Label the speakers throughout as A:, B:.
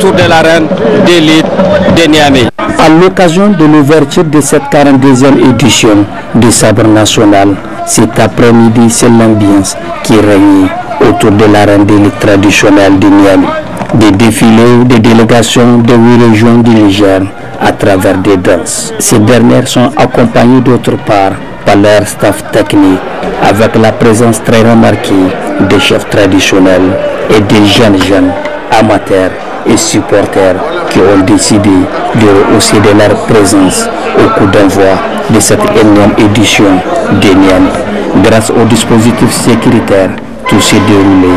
A: autour de la reine de Niamey. À l'occasion de l'ouverture de cette 42e édition du Sabre National, cet après-midi, c'est l'ambiance qui règne autour de l'arène des traditionnelle de Niamey. Des défilés des délégations de huit régions du Niger à travers des danses. Ces dernières sont accompagnées d'autre part par leur staff technique avec la présence très remarquée des chefs traditionnels et des jeunes jeunes amateurs et supporters qui ont décidé de rehausser de leur présence au coup d'envoi de cette énième édition d'Eniam. Grâce au dispositif sécuritaire, tout s'est déroulé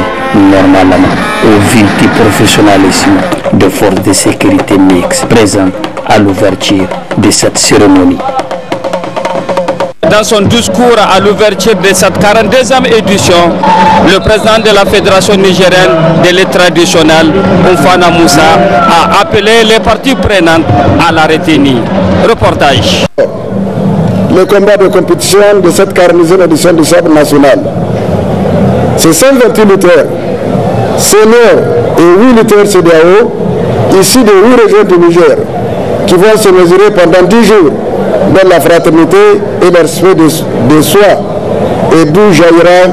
A: normalement au vu du professionnalisme de forces de sécurité mixte présents à l'ouverture de cette cérémonie
B: dans son discours à l'ouverture de cette 42e édition, le président de la Fédération nigérienne des Lettres Traditionnelles, Oufana Moussa, a appelé les parties prenantes à la retenue. Reportage.
C: Le combat de compétition de cette 42e édition du sable national. C'est 128 lutteurs, seniors et 8 lutteurs CDAO, ici de 8 régions du Niger, qui vont se mesurer pendant 10 jours dans la fraternité et le de, soi, et d'où jaillira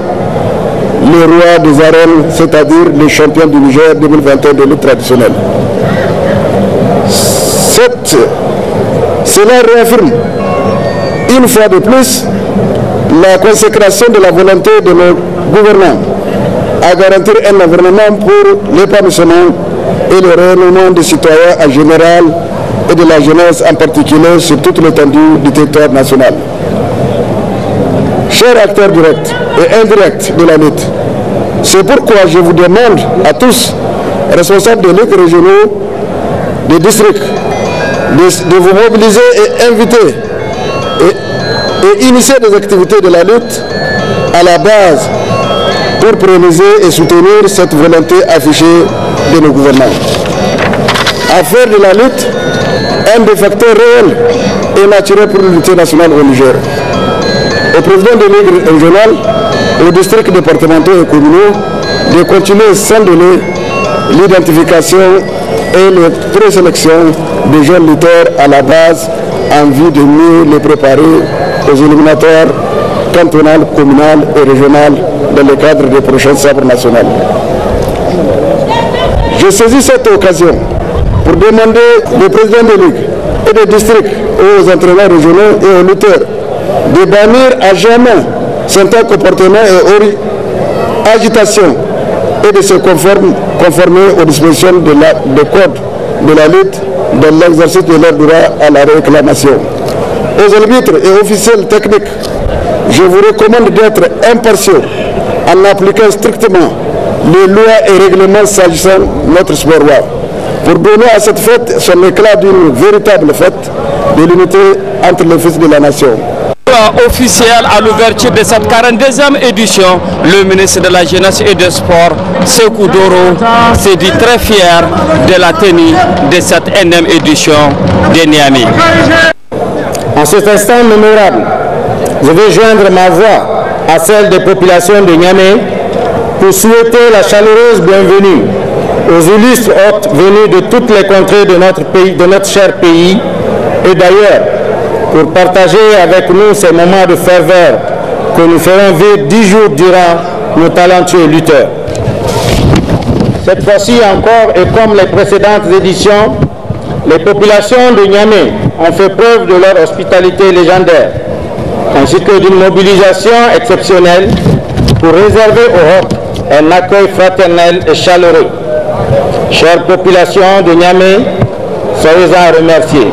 C: le roi des arènes, c'est-à-dire le champion du Niger 2021 de lutte traditionnelle. cela réaffirme une fois de plus la consécration de la volonté de nos gouvernants à garantir un environnement pour l'épanouissement et le rayonnement des citoyens en général et de la jeunesse en particulier sur toute l'étendue du territoire national. Chers acteurs directs et indirects de la lutte, c'est pourquoi je vous demande à tous, responsables des luttes régionaux, des districts, de, vous mobiliser et inviter et, initier des activités de la lutte à la base pour prémiser et soutenir cette volonté affichée de nos gouvernements à faire de la lutte un des facteurs réels et naturels pour l'unité nationale religieuse. Au président de ligues régionale, au district départementaux et communaux, de continuer sans donner l'identification et la présélection des jeunes lutteurs à la base en vue de mieux les préparer aux éliminatoires cantonales, communales et régionales dans le cadre des prochains sabres nationaux. Je saisis cette occasion pour demander aux présidents de ligue et des districts aux entraîneurs régionaux et aux lutteurs de bannir à jamais certains comportements et agitations et de se conformer aux dispositions de la de code de la lutte dans l'exercice de leur droit à la réclamation. Aux arbitres et officiels techniques, je vous recommande d'être impartiaux en appliquant strictement les lois et règlements s'agissant de notre sport pour donner à cette fête son éclat d'une véritable fête de l'unité entre les fils de la nation
B: officiel à l'ouverture de cette 42e édition, le ministre de la Jeunesse et des Sports, Sekou Doro, s'est dit très fier de la tenue de cette 1e édition de Niamey. En
D: cet instant mémorable, je vais joindre ma voix à celle des populations de Niamey pour souhaiter la chaleureuse bienvenue aux illustres hôtes venus de toutes les contrées de notre, pays, de notre cher pays et d'ailleurs pour partager avec nous ces moments de ferveur que nous ferons vivre dix jours durant nos talentueux lutteurs. Cette fois-ci encore, et comme les précédentes éditions, les populations de Niamey ont fait preuve de leur hospitalité légendaire, ainsi que d'une mobilisation exceptionnelle pour réserver aux Hôtes un accueil fraternel et chaleureux. Chère population de Niamey, soyez-en remerciés.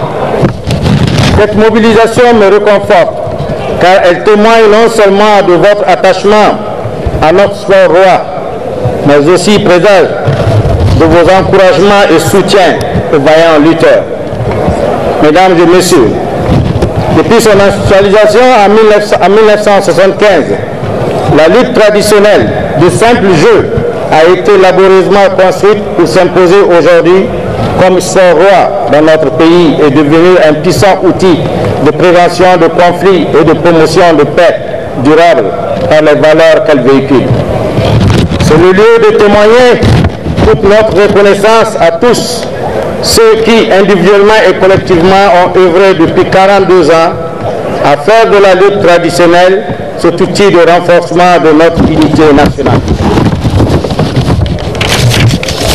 D: Cette mobilisation me réconforte car elle témoigne non seulement de votre attachement à notre sport roi, mais aussi présage de vos encouragements et soutiens aux vaillants lutteurs. Mesdames et messieurs, depuis son actualisation en 1975, la lutte traditionnelle du simple jeu a été laborieusement construite pour s'imposer aujourd'hui comme son roi dans notre pays et devenir un puissant outil de prévention de conflits et de promotion de paix durable par les valeurs qu'elle véhicule. C'est le lieu de témoigner toute notre reconnaissance à tous ceux qui, individuellement et collectivement, ont œuvré depuis 42 ans à faire de la lutte traditionnelle cet outil de renforcement de notre unité nationale.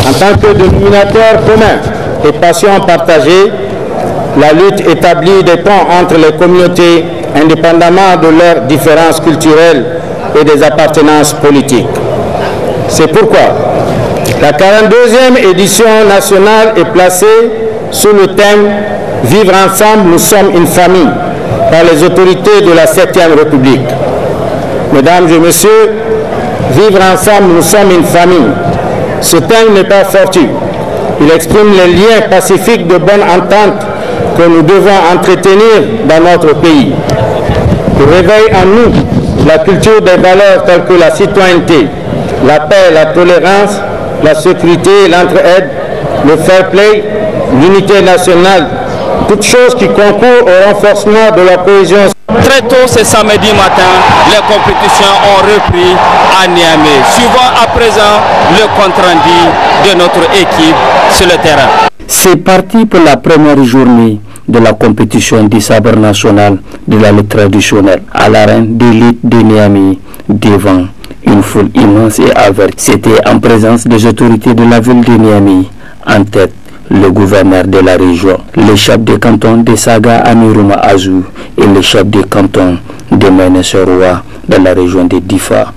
D: En tant que dénominateur commun et passion partagée, la lutte établit des ponts entre les communautés indépendamment de leurs différences culturelles et des appartenances politiques. C'est pourquoi la 42e édition nationale est placée sous le thème Vivre ensemble, nous sommes une famille par les autorités de la 7e République. Mesdames et messieurs, vivre ensemble, nous sommes une famille ce thème n'est pas fortu, Il exprime les liens pacifiques de bonne entente que nous devons entretenir dans notre pays. Il réveille en nous la culture des valeurs telles que la citoyenneté, la paix, la tolérance, la sécurité, l'entraide, le fair play, l'unité nationale, toutes choses qui concourent au renforcement de la cohésion. sociale.
B: Très tôt ce samedi matin, les compétitions ont repris à Niamey. suivant à présent le compte-rendu de notre équipe sur le terrain.
A: C'est parti pour la première journée de la compétition du sabre national de la lutte traditionnelle à l'arène d'élite de Niamey devant une foule immense et averte. C'était en présence des autorités de la ville de Niamey en tête le gouverneur de la région, le chef de canton de Saga Amiruma Azou et le chef de canton de Meneseroa dans la région de Difa.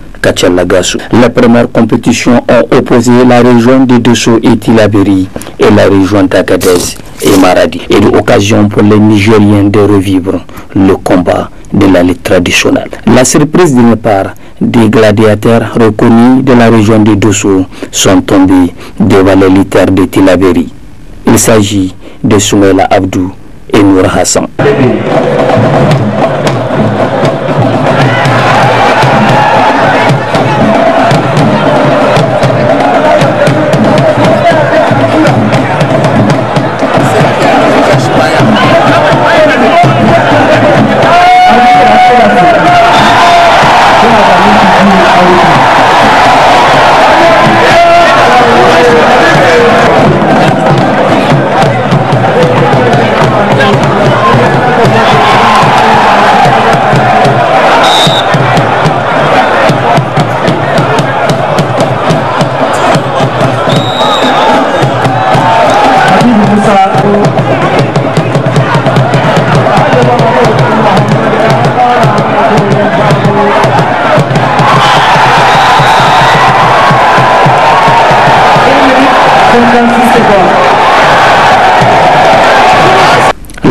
A: La première compétition a opposé la région de Dosso et Tilaberi et la région d'Agadez et Maradi. Et l'occasion pour les Nigériens de revivre le combat de la lutte traditionnelle. La surprise d'une part, des gladiateurs reconnus de la région de Dosso sont tombés devant les littères de Tilaberi. Il s'agit de Soumela Abdou et Nour Hassan.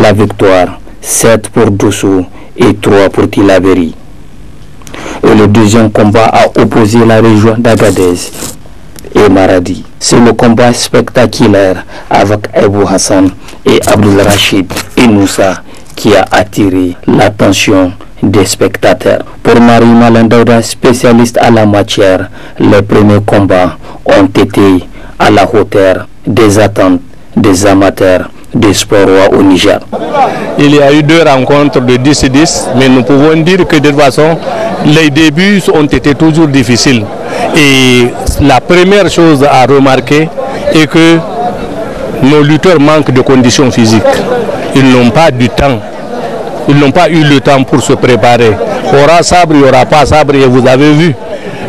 A: la victoire, 7 pour Dosso et 3 pour Tilaveri. Et le deuxième combat a opposé la région d'Agadez et Maradi. C'est le combat spectaculaire avec Ebou Hassan et Abdul Rachid et Moussa qui a attiré l'attention des spectateurs. Pour Marie Malandauda, spécialiste à la matière, les premiers combats ont été à la hauteur des attentes des amateurs des sports au Niger. Il y a eu deux rencontres de
E: 10 et 10, mais nous pouvons dire que de toute façon, les débuts ont été toujours difficiles. Et la première chose à remarquer est que nos lutteurs manquent de conditions physiques. Ils n'ont pas du temps. Ils n'ont pas eu le temps pour se préparer. Il y aura sabre, il n'y aura pas sabre, et vous avez vu.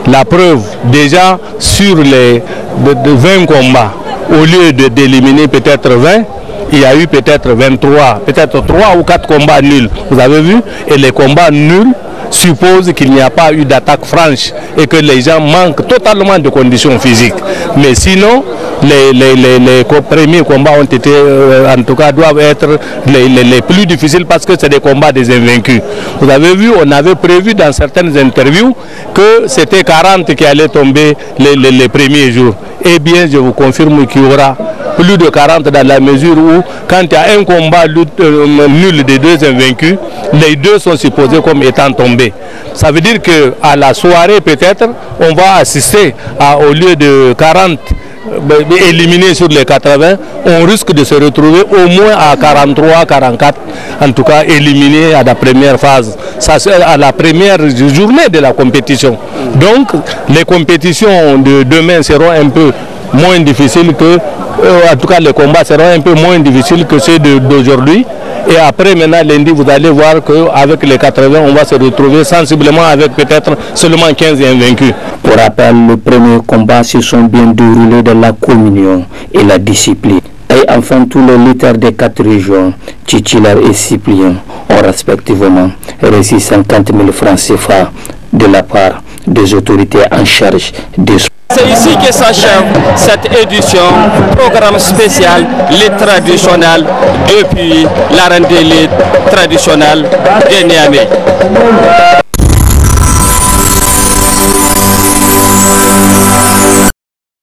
E: La preuve, déjà sur les 20 combats, au lieu d'éliminer peut-être 20, il y a eu peut-être 23, peut-être 3 ou 4 combats nuls. Vous avez vu Et les combats nuls suppose qu'il n'y a pas eu d'attaque franche et que les gens manquent totalement de conditions physiques. Mais sinon, les, les, les, premiers combats ont été, euh, en tout cas, doivent être les, plus difficiles parce que c'est des combats des invaincus. Vous avez vu, on avait prévu dans certaines interviews que c'était 40 qui allaient tomber les premiers jours. Eh bien, je vous confirme qu'il y aura plus de 40 dans la mesure où quand il y a un combat euh, nul des deux invaincus, les deux sont supposés comme étant tombés. Ça veut dire qu'à la soirée, peut-être, on va assister à, au lieu de 40 euh, éliminés sur les 80, on risque de se retrouver au moins à 43, 44, en tout cas éliminés à la première phase, ça à la première journée de la compétition. Donc les compétitions de demain seront un peu moins difficiles que, euh, en tout cas les combats seront un peu moins difficiles que ceux d'aujourd'hui, et après, maintenant, lundi, vous allez voir qu'avec les 80, on va se retrouver sensiblement avec peut-être seulement 15 invaincus. Pour
A: rappel, le premier combat se sont bien déroulés dans la communion et la discipline. Et enfin, tous les lutteurs des quatre régions, titulaires et suppliants, ont respectivement réussi 50 000 francs CFA de la part des autorités en charge des
B: c'est ici que s'achève cette édition, programme spécial, les traditionnels, depuis l'arène d'élite traditionnelle de Niamey.